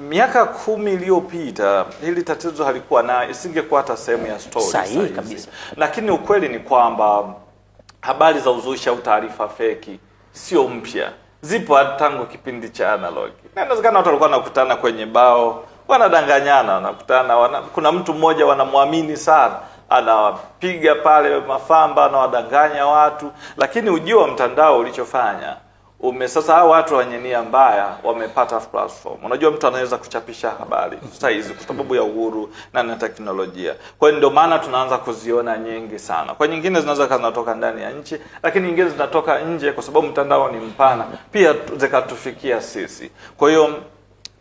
Miaka kumi iliyopita hili tatizo halikuwa na isingekuwa hata sehemu ya story sahihi kabisa, lakini ukweli ni kwamba habari za uzushi au taarifa feki sio mpya, zipo tangu kipindi cha analog. Inawezekana watu walikuwa wanakutana kwenye bao, wanadanganyana, wanakutana wana, kuna mtu mmoja wanamwamini sana anawapiga pale mafamba, anawadanganya watu, lakini ujio wa mtandao ulichofanya ume sasa hao watu wenye nia mbaya wamepata platform. Unajua mtu anaweza kuchapisha habari sasa hizi kwa sababu ya uhuru na na teknolojia. Kwa hiyo ndio maana tunaanza kuziona nyingi sana. Kwa nyingine zinaweza zinatoka ndani ya nchi, lakini nyingine zinatoka nje kwa sababu mtandao ni mpana. Pia zikatufikia sisi. Kwa hiyo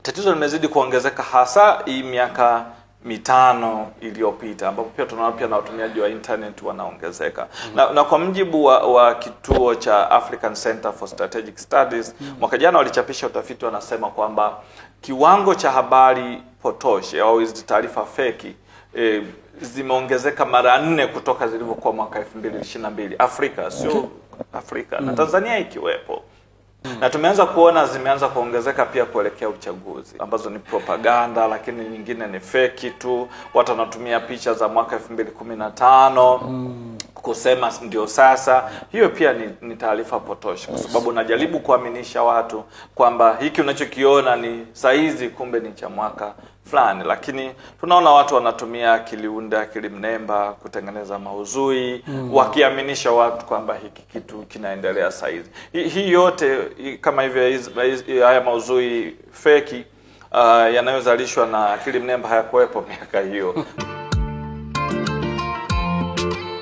tatizo limezidi kuongezeka hasa hii miaka mitano iliyopita ambapo pia tunaona pia na watumiaji wa internet wanaongezeka. mm -hmm. Na, na kwa mjibu wa, wa kituo cha African Center for Strategic Studies mm -hmm. mwaka jana walichapisha utafiti wanasema kwamba kiwango cha habari potoshi au hizi taarifa feki e, zimeongezeka mara nne kutoka zilivyokuwa mwaka 2022 Afrika sio Afrika mm -hmm. na mm-hmm. Tanzania ikiwepo Hmm. na tumeanza kuona zimeanza kuongezeka pia kuelekea uchaguzi ambazo ni propaganda, lakini nyingine ni feki tu, watu wanatumia picha za mwaka elfu mbili kumi na tano mm kusema ndio sasa. Hiyo pia ni, ni taarifa potosha, kwa sababu najaribu kuaminisha watu kwamba hiki unachokiona ni saizi, kumbe ni cha mwaka fulani, lakini tunaona watu wanatumia akiliunde akili mnemba kutengeneza mauzui mm, wakiaminisha watu kwamba hiki kitu kinaendelea saizi. Hii hi yote hi, kama hivyo haya mauzui feki uh, yanayozalishwa na akili mnemba hayakuwepo miaka hiyo.